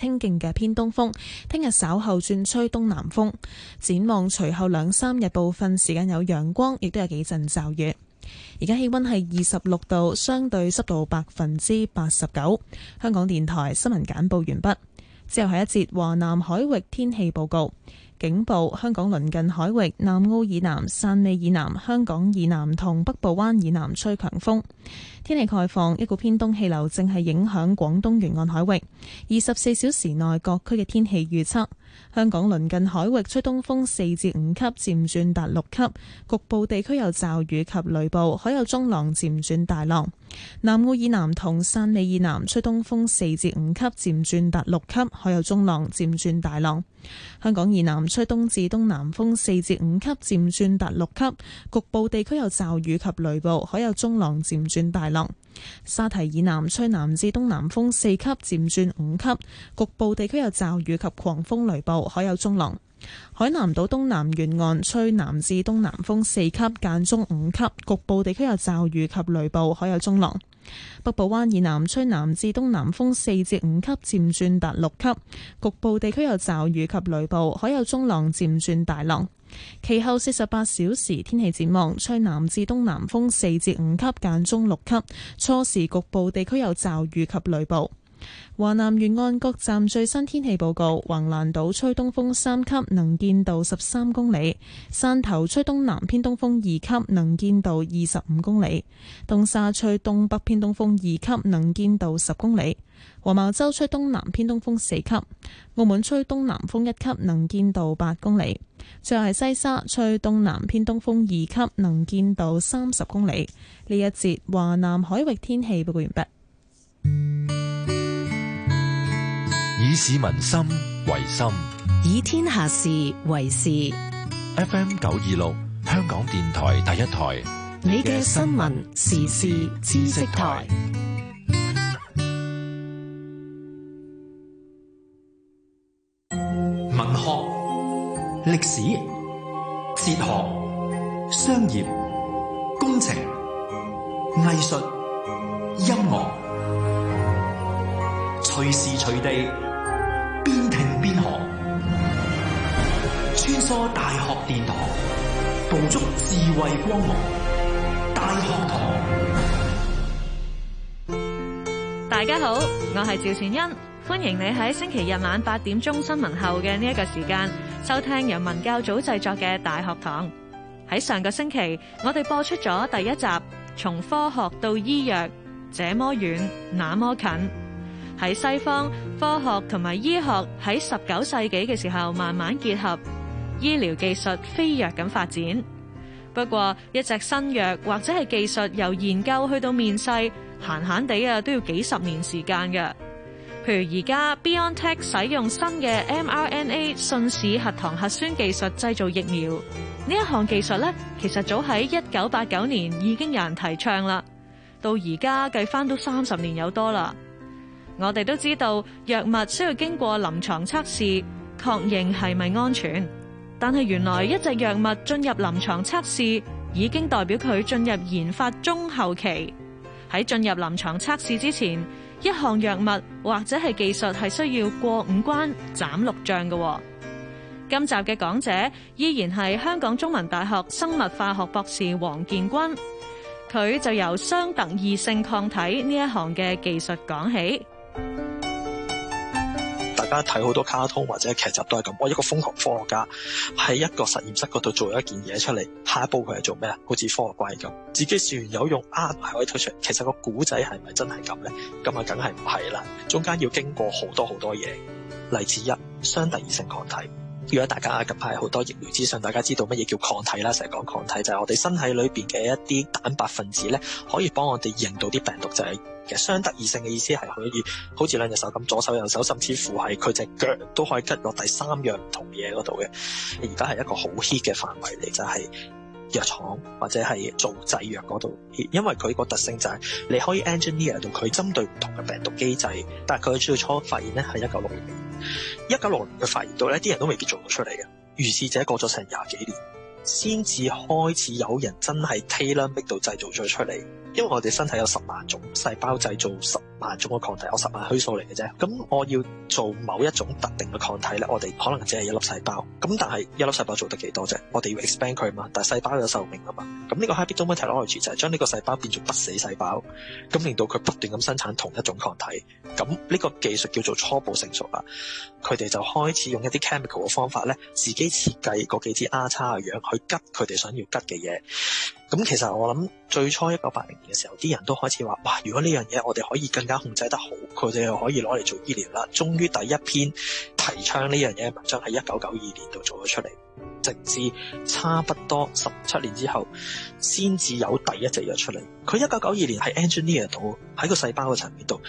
清勁嘅偏東風，聽日稍後轉吹東南風。展望隨後兩三日，部分時間有陽光，亦都有幾陣驟雨。而家氣溫係二十六度，相對濕度百分之八十九。香港電台新聞簡報完畢。之後係一節華南海域天氣報告。警報：香港鄰近海域、南澳以南、汕尾以南、香港以南同北部灣以南吹強風，天氣概況：一股偏東氣流正係影響廣東沿岸海域。二十四小時內各區嘅天氣預測：香港鄰近海域吹東風四至五級，漸轉達六級，局部地區有驟雨及雷暴，海有中浪漸轉大浪。南澳以南同汕尾以南吹東風四至五級，漸轉達六級，可有中浪，漸轉大浪。香港以南吹東至東南風四至五級，漸轉達六級，局部地區有驟雨及雷暴，可有中浪，漸轉大浪。沙堤以南吹南至東南風四級，漸轉五級，局部地區有驟雨及狂風雷暴，可有中浪。海南島東南沿岸吹南至東南風四級，間中五級，局部地區有驟雨及雷暴，海有中浪。北部灣以南吹南至東南風四至五級，漸轉達六級，局部地區有驟雨及雷暴，海有中浪，漸轉大浪。其後四十八小時天氣展望吹南至東南風四至五級，間中六級，初時局部地區有驟雨及雷暴。華南沿岸各站最新天氣報告：橫欄島吹東風三級，能見度十三公里；汕頭吹東南偏東風二級，能見度二十五公里；東沙吹東北偏東風二級，能見度十公里；黃茅洲吹東南偏東風四級；澳門吹東南風一級，能見度八公里。最後係西沙吹東南偏東風二級，能見度三十公里。呢一節華南海域天氣報告完畢。以市民心為心，以天下事為事。FM 九二六，香港電台第一台，你嘅新聞、時事、知識台，文學、歷史、哲學、商業、工程、藝術、音樂，隨時隨地。邊聽邊學，穿梭大學殿堂，捕捉智慧光芒。大學堂，大家好，我係趙善恩，歡迎你喺星期日晚八點鐘新聞後嘅呢一個時間收聽由文教組製作嘅大學堂。喺上個星期，我哋播出咗第一集，從科學到醫藥，這麼遠，那麼近。喺西方，科學同埋醫學喺十九世紀嘅時候慢慢結合，醫療技術飛躍咁發展。不過，一隻新藥或者係技術由研究去到面世，閒閒地啊都要幾十年時間嘅。譬如而家 BioNTech 使用新嘅 mRNA 信使核糖核酸技術製造疫苗，呢一項技術咧，其實早喺一九八九年已經有人提倡啦。到而家計翻到三十年有多啦。我哋都知道藥物需要經過臨床測試，確認係咪安全。但係原來一隻藥物進入臨床測試，已經代表佢進入研發中後期。喺進入臨床測試之前，一項藥物或者係技術係需要過五關斬六將嘅。今集嘅講者依然係香港中文大學生物化學博士王建鈞，佢就由雙特異性抗體呢一項嘅技術講起。而家睇好多卡通或者劇集都係咁，我一個瘋狂科學家喺一個實驗室嗰度做一件嘢出嚟，下一步佢係做咩啊？好似科學怪咁，自己算完有用啊，就可以推出。其實個古仔係咪真係咁呢？咁啊，梗係唔係啦。中間要經過好多好多嘢。例子一，雙特異性抗體。如果大家啊，近排好多疫苗資訊，大家知道乜嘢叫抗體啦？成日講抗體就係、是、我哋身體裏邊嘅一啲蛋白分子呢，可以幫我哋認到啲病毒仔。就是雙特異性嘅意思係可以好似兩隻手咁，左手右手，甚至乎係佢隻腳都可以吉落第三樣唔同嘢嗰度嘅。而家係一個好 hit 嘅範圍嚟，就係藥廠或者係做製藥嗰度，因為佢個特性就係你可以 engineer 到佢針對唔同嘅病毒機制。但係佢最初發現咧係一九六零年，一九六零佢發現到呢啲人都未必做到出嚟嘅，如是者過咗成廿幾年，先至開始有人真係 tailing 逼到製造咗出嚟。因為我哋身體有十萬種細胞製造十萬種嘅抗體，我十萬虛數嚟嘅啫。咁我要做某一種特定嘅抗體咧，我哋可能只係一粒細胞。咁但係一粒細胞做得幾多啫？我哋要 expand 佢啊嘛。但係細胞有壽命啊嘛。咁呢個 hybridoma technology 就係將呢個細胞變做不死細胞，咁令到佢不斷咁生產同一種抗體。咁呢個技術叫做初步成熟啦。佢哋就開始用一啲 chemical 嘅方法咧，自己設計嗰幾支 R 叉嘅樣去吉佢哋想要吉嘅嘢。咁其實我諗最初一九八零年嘅時候，啲人都開始話：哇！如果呢樣嘢我哋可以更加控制得好，佢哋又可以攞嚟做醫療啦。終於第一篇提倡呢樣嘢嘅文章喺一九九二年度做咗出嚟，直至差不多十七年之後，先至有第一隻藥出嚟。佢一九九二年係 engineer 度，喺個細胞嘅層面度，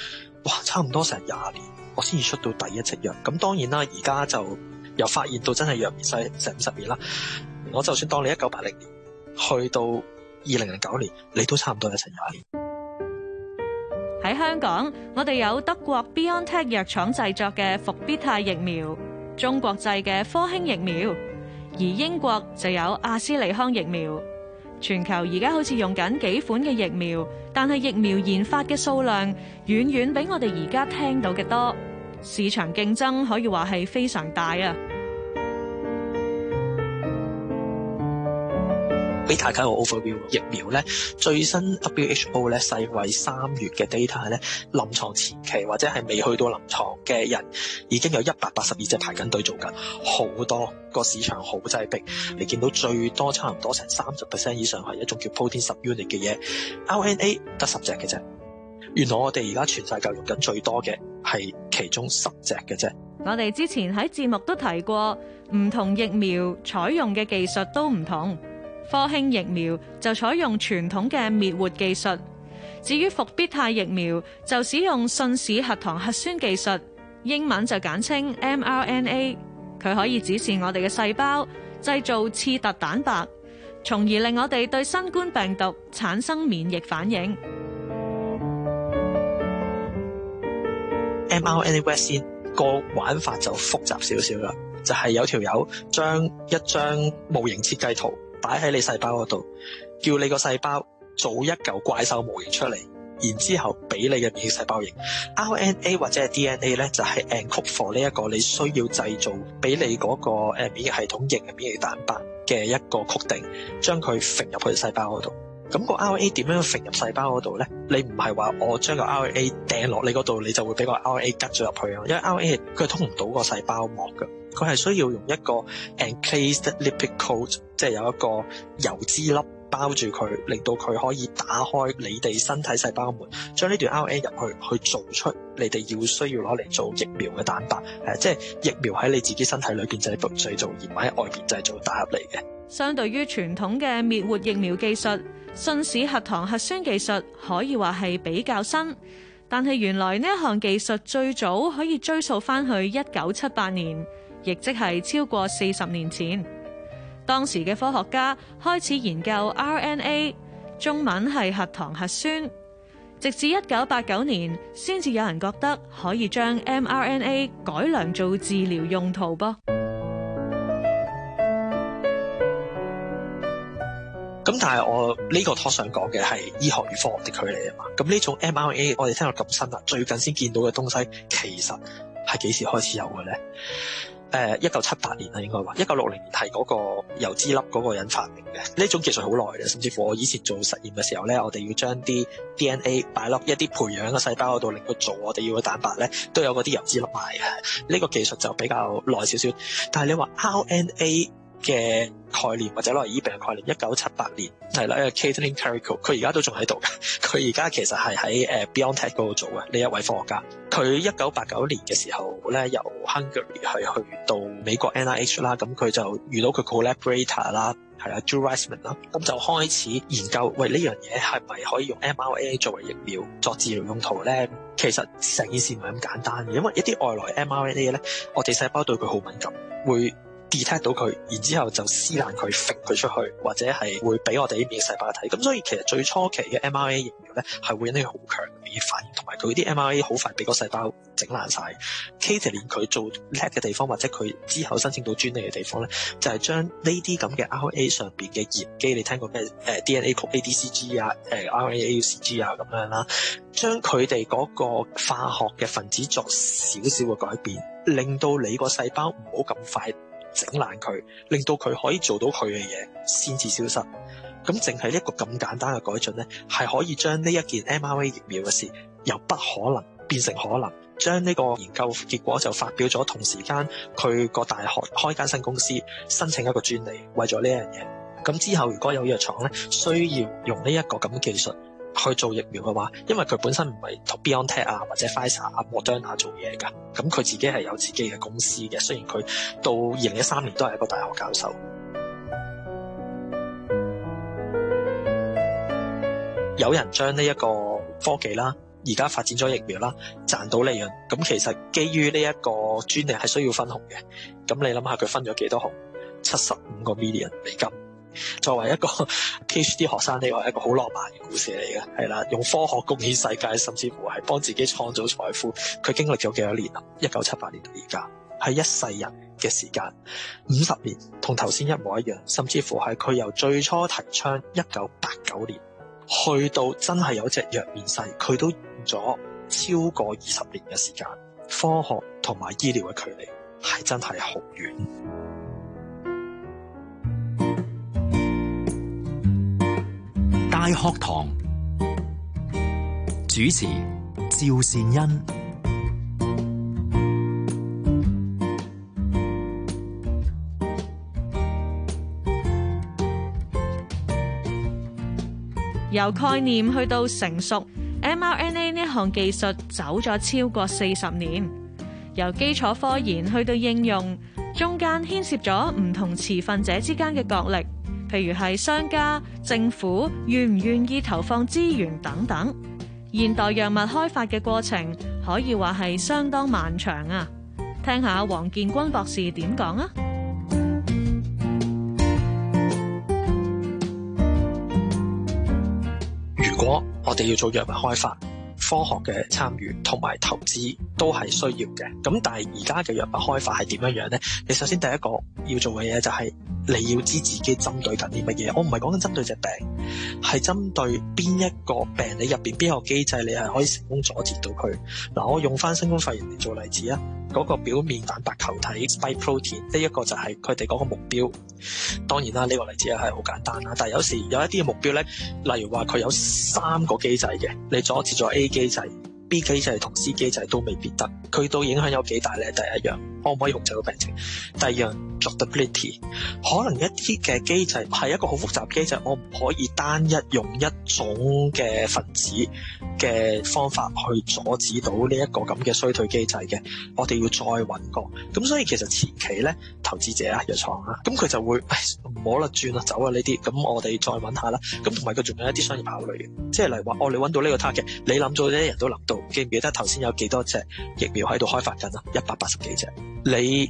哇！差唔多成廿年，我先至出到第一隻藥。咁當然啦，而家就又發現到真係藥面世成五十年啦。我就算當你一九八零年。去到二零零九年，你都差唔多一成廿年。喺香港，我哋有德國 BioNTech 藥廠製作嘅復必泰疫苗，中國製嘅科興疫苗，而英國就有阿斯利康疫苗。全球而家好似用緊幾款嘅疫苗，但係疫苗研發嘅數量遠遠比我哋而家聽到嘅多。市場競爭可以話係非常大啊！俾大家個 overview 疫苗咧最新 WHO 咧，世衛三月嘅 data 咧，臨床前期或者係未去到臨床嘅人，已經有一百八十二隻排緊隊做緊，好多個市場好擠逼，你見到最多差唔多成三十 percent 以上係一種叫 protein subunit 嘅嘢，RNA 得十隻嘅啫。原來我哋而家全世界用緊最多嘅係其中十隻嘅啫。我哋之前喺節目都提過，唔同疫苗採用嘅技術都唔同。科興疫苗就採用傳統嘅滅活技術，至於復必泰疫苗就使用信使核糖核酸技術，英文就簡稱 mRNA。佢可以指示我哋嘅細胞製造刺突蛋白，從而令我哋對新冠病毒產生免疫反應。mRNA West 嘅先個玩法就複雜少少啦，就係、是、有條友將一張模型設計圖。擺喺你細胞嗰度，叫你個細胞做一嚿怪獸模型出嚟，然之後俾你嘅免疫細胞型 RNA 或者係 DNA 咧，就係、是、encode for 呢一個你需要製造俾你嗰個誒免疫系統型嘅免疫蛋白嘅一個曲定，將佢揈入佢嘅細胞嗰度。咁個 R A 點樣去揈入細胞嗰度咧？你唔係話我將個 R A 掟落你嗰度，你就會俾個 R A 拮咗入去啊？因為 R A 佢通唔到個細胞膜嘅，佢係需要用一個 encased lipid coat，即係有一個油脂粒包住佢，令到佢可以打開你哋身體細胞門，將呢段 R A 入去去做出你哋要需要攞嚟做疫苗嘅蛋白。誒、啊，即係疫苗喺你自己身體裏邊製製造，而唔喺外邊製造打入嚟嘅。相對於傳統嘅滅活疫苗技術。信使核糖核酸技術可以話係比較新，但係原來呢一項技術最早可以追溯翻去一九七八年，亦即係超過四十年前。當時嘅科學家開始研究 RNA，中文係核糖核酸，直至一九八九年先至有人覺得可以將 mRNA 改良做治療用途噃。咁但係我呢個 talk 想講嘅係醫學與科學嘅距離啊嘛，咁呢種 mRNA 我哋聽落咁新啊，最近先見到嘅東西，其實係幾時開始有嘅咧？誒、呃，一九七八年啊，應該話，一九六零年係嗰個油脂粒嗰個人發明嘅，呢種技術好耐嘅，甚至乎我以前做實驗嘅時候咧，我哋要將啲 DNA 擺落一啲培養嘅細胞度令佢做我哋要嘅蛋白咧，都有嗰啲油脂粒埋嘅，呢、呢個技術就比較耐少少。但係你話 RNA？嘅概念或者攞嚟醫病嘅概念，一九七八年係啦，Katalin Karikó，佢而家都仲喺度嘅。佢而家其實係喺誒 BioNTech 嗰度做嘅呢一位科學家。佢一九八九年嘅時候咧，由 Hungary 係去，去到美國 NIH 啦，咁佢就遇到佢 collaborator 啦，係啊，Drew Weissman 啦，咁就開始研究，喂呢樣嘢係咪可以用 mRNA 作為疫苗作治療用途咧？其實成件事唔係咁簡單嘅，因為一啲外來 mRNA 咧，我哋細胞對佢好敏感，會 detect 到佢，然之後就撕爛佢，揈佢出去，或者係會俾我哋呢邊嘅細胞睇。咁所以其實最初期嘅 mRNA 疫苗咧，係會引起好強嘅免疫反應，同埋佢啲 mRNA 好快俾個細胞整爛晒。Katerina 佢做叻嘅地方，或者佢之後申請到專利嘅地方咧，就係將呢啲咁嘅 RNA 上邊嘅鹽基，你聽過咩？誒 DNA 曲 ADCG 啊，誒 RNAUCG 啊咁樣啦，將佢哋嗰個化學嘅分子作少少嘅改變，令到你個細胞唔好咁快，整爛佢，令到佢可以做到佢嘅嘢，先至消失。咁淨係一個咁簡單嘅改進呢，係可以將呢一件 mRNA 疫苗嘅事，由不可能變成可能。將呢個研究結果就發表咗，同時間佢個大學開間新公司，申請一個專利為個，為咗呢樣嘢。咁之後如果有藥廠呢，需要用呢一個咁嘅技術。去做疫苗嘅話，因為佢本身唔係同 BioNTech 啊或者 Pfizer 啊 Moderna 做嘢噶，咁佢自己係有自己嘅公司嘅。雖然佢到二零一三年都係一個大學教授，有人將呢一個科技啦，而家發展咗疫苗啦，賺到利潤，咁其實基於呢一個專利係需要分紅嘅，咁你諗下佢分咗幾多紅？七十五個 million 美金。作為一個 PhD 學生，呢個係一個好浪漫嘅故事嚟嘅，係啦，用科學貢獻世界，甚至乎係幫自己創造財富。佢經歷咗幾多年啊？一九七八年到而家，係一世人嘅時間，五十年，同頭先一模一樣，甚至乎係佢由最初提倡一九八九年，去到真係有隻藥面世，佢都用咗超過二十年嘅時間，科學同埋醫療嘅距離係真係好遠。大學堂主持趙善恩。由概念去到成熟，mRNA 呢一項技術走咗超過四十年，由基礎科研去到應用，中間牽涉咗唔同持份者之間嘅角力。譬如係商家、政府願唔願意投放資源等等，現代藥物開發嘅過程可以話係相當漫長啊！聽下王建鈞博士點講啊！如果我哋要做藥物開發，科學嘅參與同埋投資都係需要嘅。咁但係而家嘅藥物開發係點樣樣呢？你首先第一個要做嘅嘢就係、是。你要知自己針對緊啲乜嘢，我唔係講緊針對隻病，係針對邊一個病，你入邊邊一個機制，你係可以成功阻截到佢。嗱、嗯，我用翻新冠肺炎嚟做例子啊，嗰、那個表面蛋白球體 （spike protein） 呢一個就係佢哋嗰個目標。當然啦，呢、這個例子係好簡單啦，但係有時有一啲嘅目標呢，例如話佢有三個機制嘅，你阻截咗 A 機制、B 機制同 C 機制都未必得，佢到影響有幾大呢？第一樣。可唔可以控制到病情。第二樣，redundancy 可能一啲嘅機制係一個好複雜機制，我唔可以單一用一種嘅分子嘅方法去阻止到呢一個咁嘅衰退機制嘅。我哋要再揾過。咁所以其實前期咧，投資者啊、藥廠啊，咁佢就會唔好啦、轉啦、走啦呢啲。咁我哋再揾下啦。咁同埋佢仲有一啲商業考慮嘅，即係例如話，哦，你揾到呢個 target，你諗到啲人都諗到。記唔記得頭先有幾多隻疫苗喺度開發緊啊？一百八十幾隻。你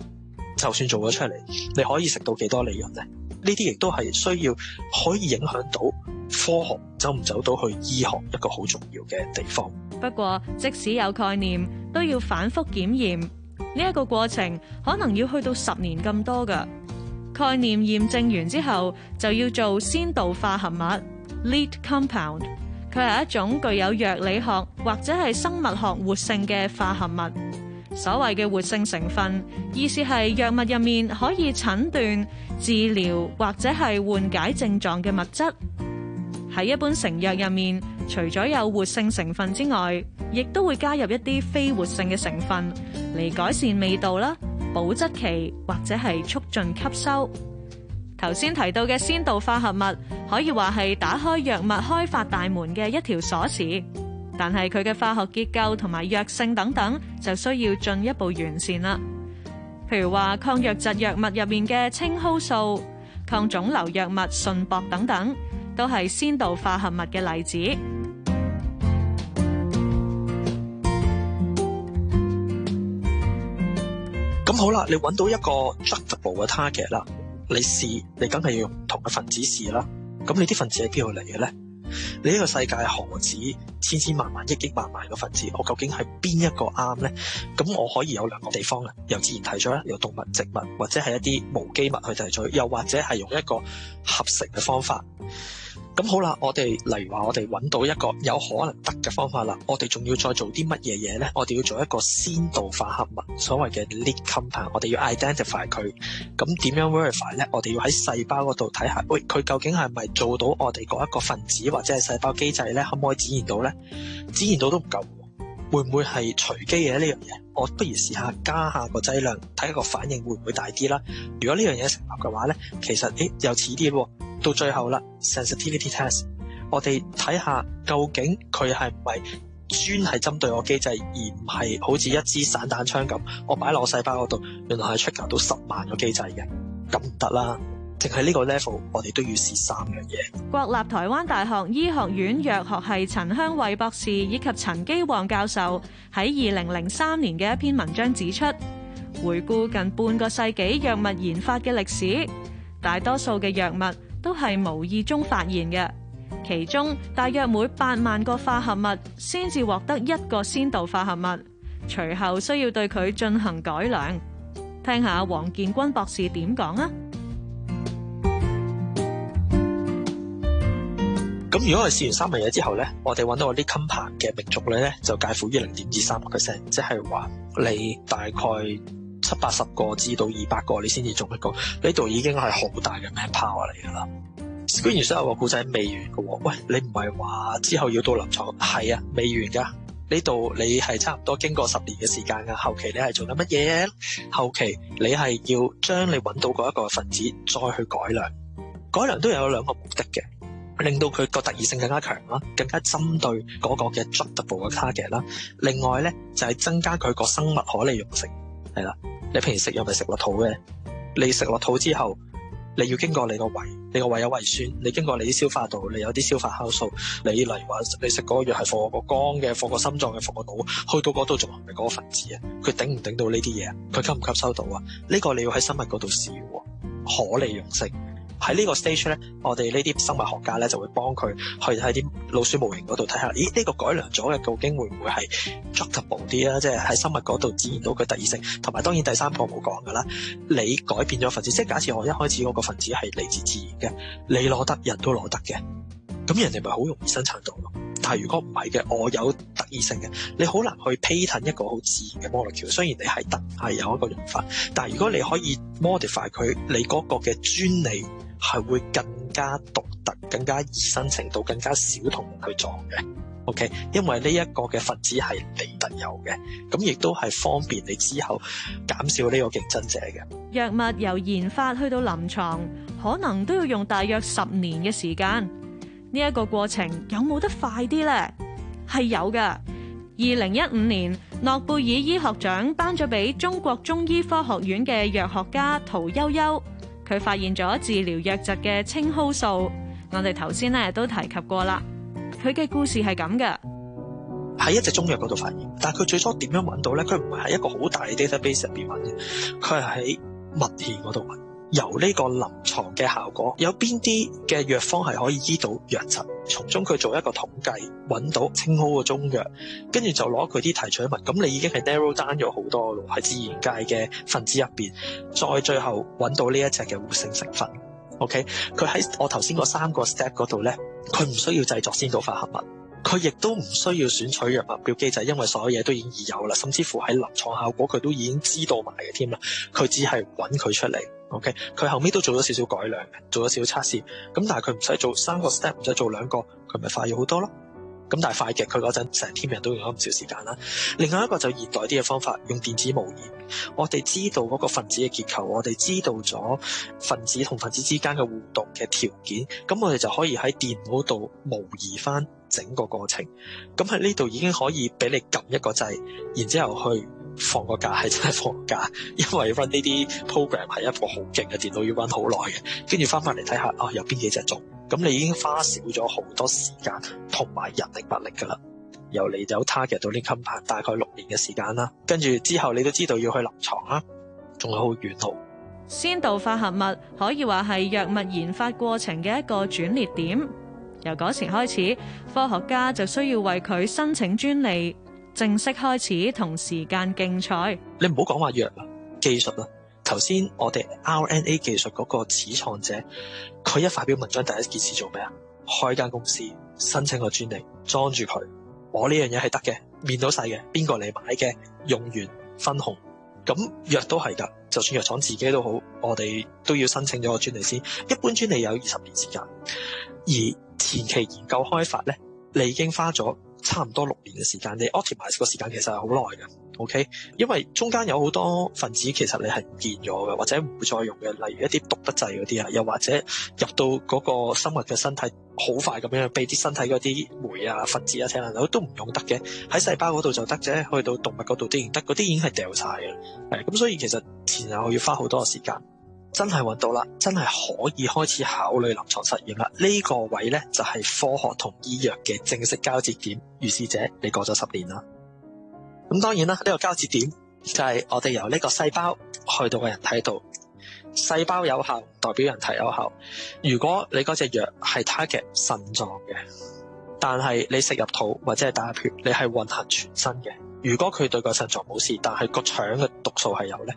就算做咗出嚟，你可以食到幾多利潤咧？呢啲亦都係需要可以影響到科學走唔走到去醫學一個好重要嘅地方。不過即使有概念，都要反覆檢驗呢一個過程，可能要去到十年咁多噶。概念驗證完之後，就要做先導化合物 （lead compound），佢係一種具有藥理學或者係生物學活性嘅化合物。所謂嘅活性成分，意思係藥物入面可以診斷、治療或者係緩解症狀嘅物質。喺一般成藥入面，除咗有活性成分之外，亦都會加入一啲非活性嘅成分嚟改善味道啦、保質期或者係促進吸收。頭先提到嘅先導化合物，可以話係打開藥物開發大門嘅一條鎖匙。但係佢嘅化學結構同埋藥性等等，就需要進一步完善啦。譬如話抗瘧疾藥物入面嘅青蒿素、抗腫瘤藥物順鉑等等，都係先導化合物嘅例子。咁好啦，你揾到一個 druggable 嘅 target 啦，你試，你梗係要用同一分子試啦。咁你啲分子喺邊度嚟嘅咧？你呢個世界何止千千萬萬、億億萬萬個分子？我究竟係邊一個啱呢？咁我可以有兩個地方嘅，由自然提取，由動物、植物或者係一啲無機物去提取，又或者係用一個合成嘅方法。咁好啦，我哋例如話我哋揾到一個有可能得嘅方法啦，我哋仲要再做啲乜嘢嘢呢？我哋要做一個先導化合物，所謂嘅 l e a c o m p o n 我哋要 identify 佢。咁點樣 verify 呢？我哋要喺細胞嗰度睇下，喂，佢究竟係咪做到我哋嗰一個分子或者係細胞機制呢？可唔可以展現到呢？展現到都唔夠，會唔會係隨機嘅呢樣嘢、這個？我不如試下加下個劑量，睇下個反應會唔會大啲啦？如果呢樣嘢成立嘅話呢，其實誒又似啲。到最後啦，sensitivity test，我哋睇下究竟佢係唔係專係針對個機制，而唔係好似一支散彈槍咁，我擺落我細胞嗰度，原來係 check 到十萬個機制嘅，咁唔得啦。淨係呢個 level，我哋都要試三樣嘢。國立台灣大學醫學院藥學系陳香慧博士以及陳基旺教授喺二零零三年嘅一篇文章指出，回顧近半個世紀藥物研發嘅歷史，大多數嘅藥物。都係無意中發現嘅，其中大約每八萬個化合物先至獲得一個先導化合物，隨後需要對佢進行改良。聽下王建鈞博士點講啊？咁如果我試完三樣嘢之後呢，我哋揾到我啲 compare 嘅名族咧，就介乎於零點二三個 percent，即係話你大概。七八十個至到二百個，你先至做一個。呢度已經係好大嘅 man power 嚟噶啦。Screen、mm hmm. 完所有個故仔未完嘅喎，喂，你唔係話之後要到臨床？係啊，未完噶。呢度你係差唔多經過十年嘅時間噶。後期你係做緊乜嘢？後期你係要將你揾到嗰一個分子再去改良。改良都有兩個目的嘅，令到佢個特異性更加強啦，更加針對嗰個嘅 druggable 嘅 target 啦。另外咧就係、是、增加佢個生物可利用性，係啦、啊。你平時食藥咪食落肚嘅？你食落肚之後，你要經過你個胃，你個胃有胃酸，你經過你啲消化道，你有啲消化酵素。你例如話，你食嗰個藥係放個肝嘅，放個心臟嘅，放個腦，去到嗰度仲係咪嗰個分子啊？佢頂唔頂到呢啲嘢啊？佢吸唔吸收到啊？呢個你要喺生物嗰度試喎，可利用性。喺呢個 stage 咧，我哋呢啲生物學家咧就會幫佢去喺啲老鼠模型嗰度睇下，咦呢個改良咗嘅究竟會唔會係 druggable 啲啦？即係喺生物嗰度展現到佢特異性，同埋當然第三個冇講㗎啦。你改變咗分子，即係假設我一開始嗰個分子係嚟自自然嘅，你攞得人都攞得嘅，咁人哋咪好容易生產到咯。但係如果唔係嘅，我有特異性嘅，你好難去 patent 一個好自然嘅 Molecule。雖然你係得係有一個用法，但係如果你可以 modify 佢，你嗰個嘅專利。係會更加獨特，更加易新程度更加少同人去撞嘅。OK，因為呢一個嘅分子係嚟得有嘅，咁亦都係方便你之後減少呢個競爭者嘅藥物由研發去到臨床，可能都要用大約十年嘅時間呢一個過程有冇得快啲呢？係有㗎。二零一五年諾貝爾醫學獎頒咗俾中國中醫科學院嘅藥學家屠呦呦。佢發現咗治療瘧疾嘅青蒿素，我哋頭先咧都提及過啦。佢嘅故事係咁嘅，喺一隻中藥嗰度發現，但係佢最初點樣揾到咧？佢唔係喺一個好大嘅 database 入邊揾嘅，佢係喺文獻嗰度揾。由呢個臨床嘅效果，有邊啲嘅藥方係可以醫到藥疾？從中佢做一個統計，揾到清好個中藥，跟住就攞佢啲提取物。咁你已經係 narrow down 咗好多咯，喺自然界嘅分子入邊，再最後揾到呢一隻嘅活性成分。OK，佢喺我頭先個三個 step 嗰度呢，佢唔需要製作先導化合物，佢亦都唔需要選取藥物叫機制，就是、因為所有嘢都已經有啦。甚至乎喺臨床效果，佢都已經知道埋嘅，添啦。佢只係揾佢出嚟。OK，佢後尾都做咗少少改良，做咗少少測試。咁但係佢唔使做三個 step，唔使做兩個，佢咪快咗好多咯。咁但係快極，佢嗰陣成日人都用咗唔少時間啦。另外一個就現代啲嘅方法，用電子模擬。我哋知道嗰個分子嘅結構，我哋知道咗分子同分子之間嘅互動嘅條件，咁我哋就可以喺電腦度模擬翻整個過程。咁喺呢度已經可以俾你撳一個掣，然之後去。放個假係真係放假，因為 run 呢啲 program 係一個好勁嘅電腦要 run 好耐嘅，跟住翻翻嚟睇下，哦、啊、有邊幾隻做？咁你已經花少咗好多時間同埋人力物力噶啦。由嚟走 target 到呢個 combine，大概六年嘅時間啦。跟住之後你都知道要去臨床啦，仲有好遠很。先導化合物可以話係藥物研發過程嘅一個轉捩點，由嗰時開始，科學家就需要為佢申請專利。正式開始同時間競賽，你唔好講話藥啊技術啦。頭先我哋 RNA 技術嗰個始創者，佢一發表文章第一件事做咩啊？開間公司，申請個專利，裝住佢。我呢樣嘢係得嘅，面到細嘅，邊個嚟買嘅？用完分紅，咁藥都係噶，就算藥廠自己都好，我哋都要申請咗個專利先。一般專利有二十年時間，而前期研究開發咧，你已經花咗。差唔多六年嘅時間，你 optimise 個時間其實係好耐嘅，OK？因為中間有好多分子其實你係唔見咗嘅，或者唔會再用嘅，例如一啲毒得滯嗰啲啊，又或者入到嗰個生物嘅身體，好快咁樣被啲身體嗰啲酶啊、分子啊、等等都都唔用得嘅，喺細胞嗰度就得啫，去到動物嗰度都然得，嗰啲已經係掉晒嘅，係、嗯、咁，所以其實前後要花好多嘅時間。真係揾到啦，真係可以開始考慮臨床實驗啦。呢個位呢，就係科學同醫藥嘅正式交接點。預示者，你過咗十年啦。咁當然啦，呢個交接點就係我哋由呢個細胞去到個人體度。細胞有效唔代表人體有效。如果你嗰隻藥係佢嘅腎臟嘅，但係你食入肚或者係打血，你係混合全身嘅。如果佢對個腎臟冇事，但係個腸嘅毒素係有呢。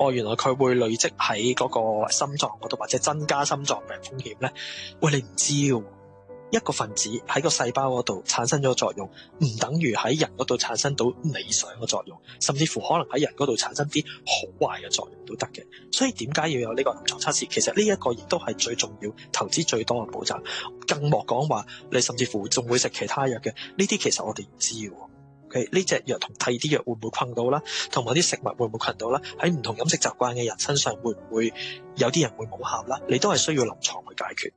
哦，原來佢會累積喺嗰個心臟嗰度，或者增加心臟病風險呢？喂，你唔知嘅一個分子喺個細胞嗰度產生咗作用，唔等於喺人嗰度產生到理想嘅作用，甚至乎可能喺人嗰度產生啲好壞嘅作用都得嘅。所以點解要有呢個臨床測試？其實呢一個亦都係最重要、投資最多嘅保障。更莫講話，你甚至乎仲會食其他藥嘅呢啲，其實我哋唔知嘅。呢隻藥同第啲藥會唔會困到啦？同埋啲食物會唔會困到啦？喺唔同飲食習慣嘅人身上會唔會有啲人會冇效啦？你都係需要臨床去解決。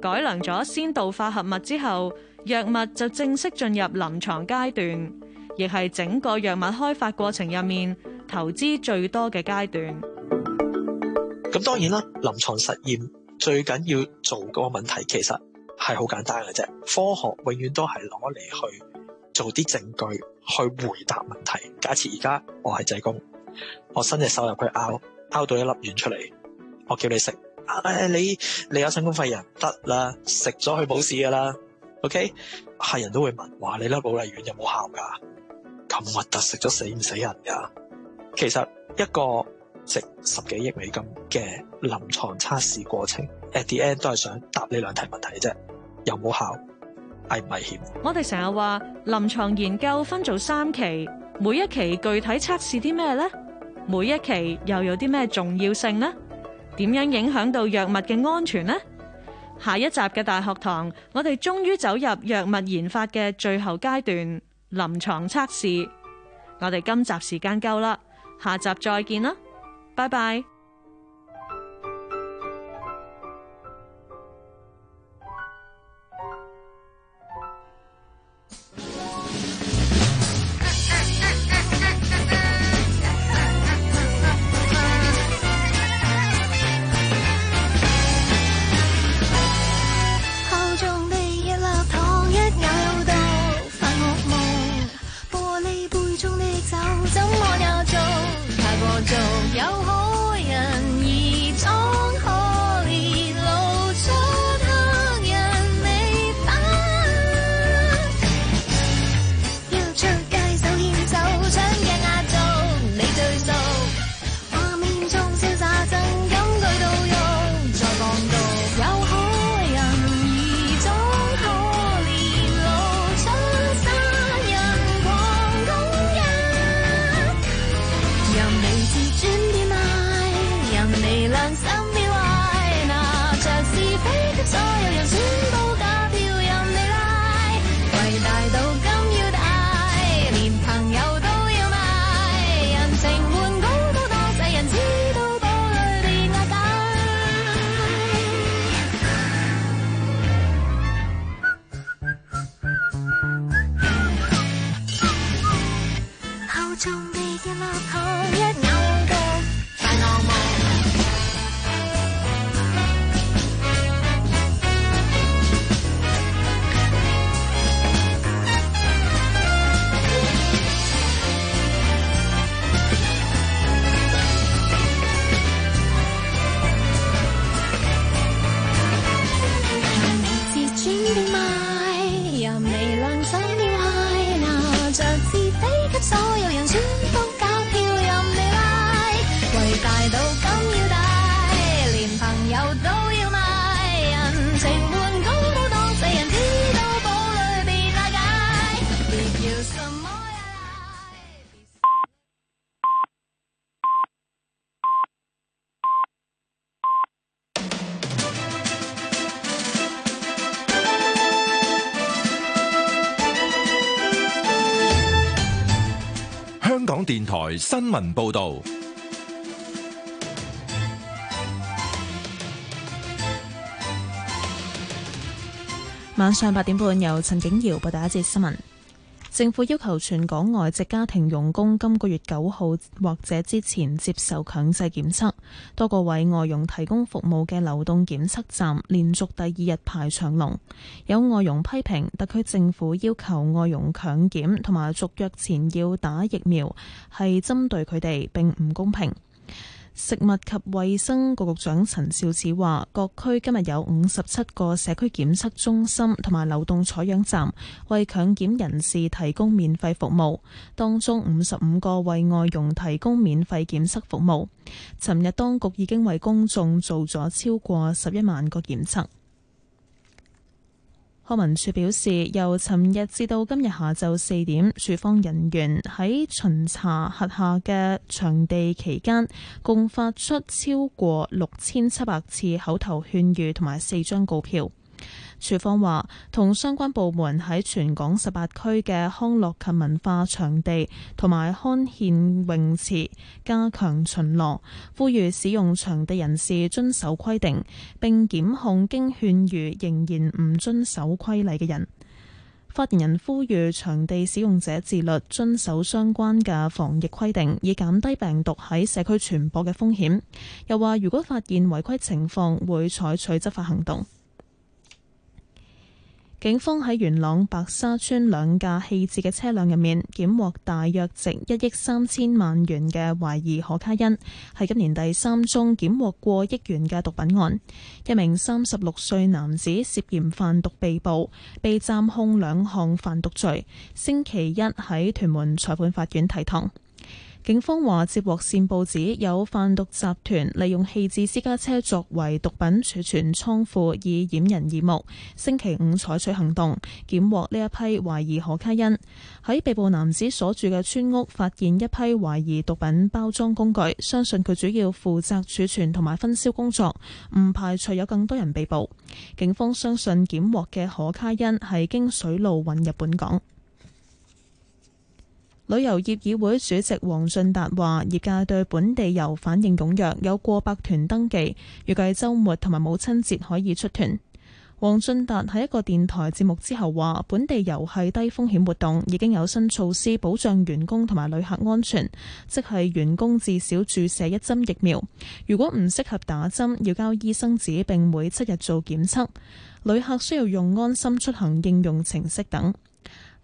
改良咗先導化合物之後，藥物就正式進入臨床階段，亦係整個藥物開發過程入面投資最多嘅階段。咁、嗯、當然啦，臨床實驗最緊要做嗰個問題，其實。係好簡單嘅啫。科學永遠都係攞嚟去做啲證據去回答問題。假設而家我係濟公，我伸隻手入去，拗咬到一粒丸出嚟，我叫你食。誒、哎，你你有新冠肺炎得啦，食咗佢冇事㗎啦。OK，客人都會問話你粒保麗丸有冇效㗎？咁核突食咗死唔死人㗎？其實一個值十幾億美金嘅臨床測試過程，at the end 都係想答呢兩題問題啫。有冇效，危唔危險。我哋成日話臨床研究分做三期，每一期具體測試啲咩呢？每一期又有啲咩重要性呢？點樣影響到藥物嘅安全呢？下一集嘅大學堂，我哋終於走入藥物研發嘅最後階段——臨床測試。我哋今集時間夠啦，下集再見啦，拜拜。新聞報道。晚上八點半，由陳景瑤報道一節新聞。政府要求全港外籍家庭傭工今個月九號或者之前接受強制檢測，多個為外傭提供服務嘅流動檢測站連續第二日排長龍。有外傭批評特區政府要求外傭強檢同埋續約前要打疫苗，係針對佢哋，並唔公平。食物及衛生局局長陳肇始話：各區今日有五十七個社區檢測中心同埋流動採樣站，為強檢人士提供免費服務。當中五十五個為外傭提供免費檢測服務。尋日當局已經為公眾做咗超過十一萬個檢測。康文署表示，由尋日至到今日下晝四點，處方人員喺巡查轄下嘅場地期間，共發出超過六千七百次口頭勸喻，同埋四張告票。署方話，同相關部門喺全港十八區嘅康樂及文化場地同埋康健泳池加強巡邏，呼籲使用場地人士遵守規定，並檢控經勸喻仍然唔遵守規例嘅人。發言人呼籲場地使用者自律，遵守相關嘅防疫規定，以減低病毒喺社區傳播嘅風險。又話，如果發現違規情況，會採取執法行動。警方喺元朗白沙村兩架棄置嘅車輛入面，檢獲大約值一億三千萬元嘅懷疑可卡因，係今年第三宗檢獲過億元嘅毒品案。一名三十六歲男子涉嫌販毒被捕，被暫控兩項販毒罪，星期一喺屯門裁判法院提堂。警方話接獲線報指有販毒集團利用棄置私家車作為毒品儲存倉庫，以掩人耳目。星期五採取行動，檢獲呢一批懷疑可卡因。喺被捕男子所住嘅村屋，發現一批懷疑毒品包裝工具，相信佢主要負責儲存同埋分銷工作。唔排除有更多人被捕。警方相信檢獲嘅可卡因係經水路運入本港。旅遊業議會主席黃進達話：業界對本地遊反應踊躍，有過百團登記，預計周末同埋母親節可以出團。黃進達喺一個電台節目之後話：本地遊係低風險活動，已經有新措施保障員工同埋旅客安全，即係員工至少注射一針疫苗。如果唔適合打針，要交醫生紙，並每七日做檢測。旅客需要用安心出行應用程式等。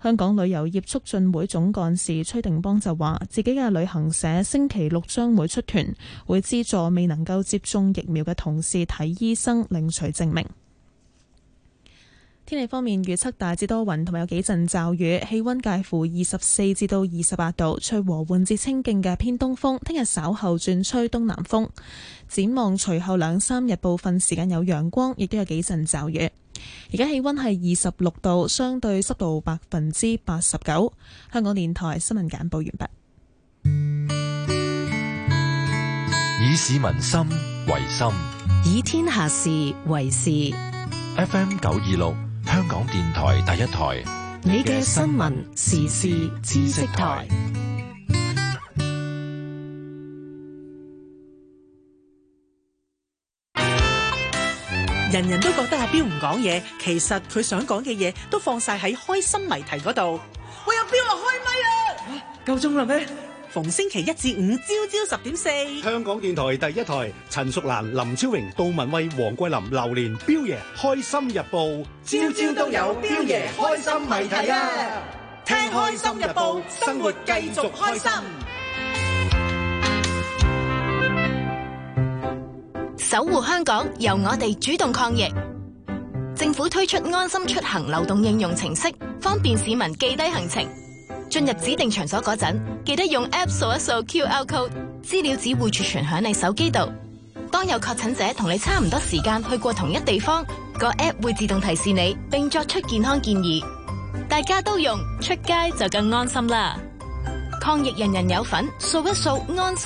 香港旅遊業促進會總幹事崔定邦就話：自己嘅旅行社星期六將會出團，會資助未能夠接種疫苗嘅同事睇醫生領取證明。天氣方面預測大致多雲，同埋有幾陣驟雨，氣溫介乎二十四至到二十八度，吹和緩至清勁嘅偏東風。聽日稍後轉吹東南風。展望隨後兩三日部分時間有陽光，亦都有幾陣驟雨。而家氣温係二十六度，相對濕度百分之八十九。香港電台新聞簡報完畢。以市民心為心，以天下事為事。FM 九二六，香港電台第一台，你嘅新聞時事知識台。人人都覺得阿彪唔講嘢，其實佢想講嘅嘢都放晒喺開心謎題嗰度。我有彪話開咪啊！夠鐘啦咩？逢星期一至五朝朝十點四，香港電台第一台，陳淑蘭、林超榮、杜文威、黃桂林、榴蓮、彪爺、開心日報，朝朝都有彪爺開心謎題啊！聽開心日報，生活繼續開心。守護香港，由我哋主動抗疫。政府推出安心出行流動應用程式，方便市民記低行程。進入指定場所嗰陣，記得用 App 掃一掃 QR code，資料只會儲存響你手機度。當有確診者同你差唔多時間去過同一地方，個 App 會自動提示你，並作出健康建議。大家都用，出街就更安心啦！抗疫人人有份，掃一掃安心。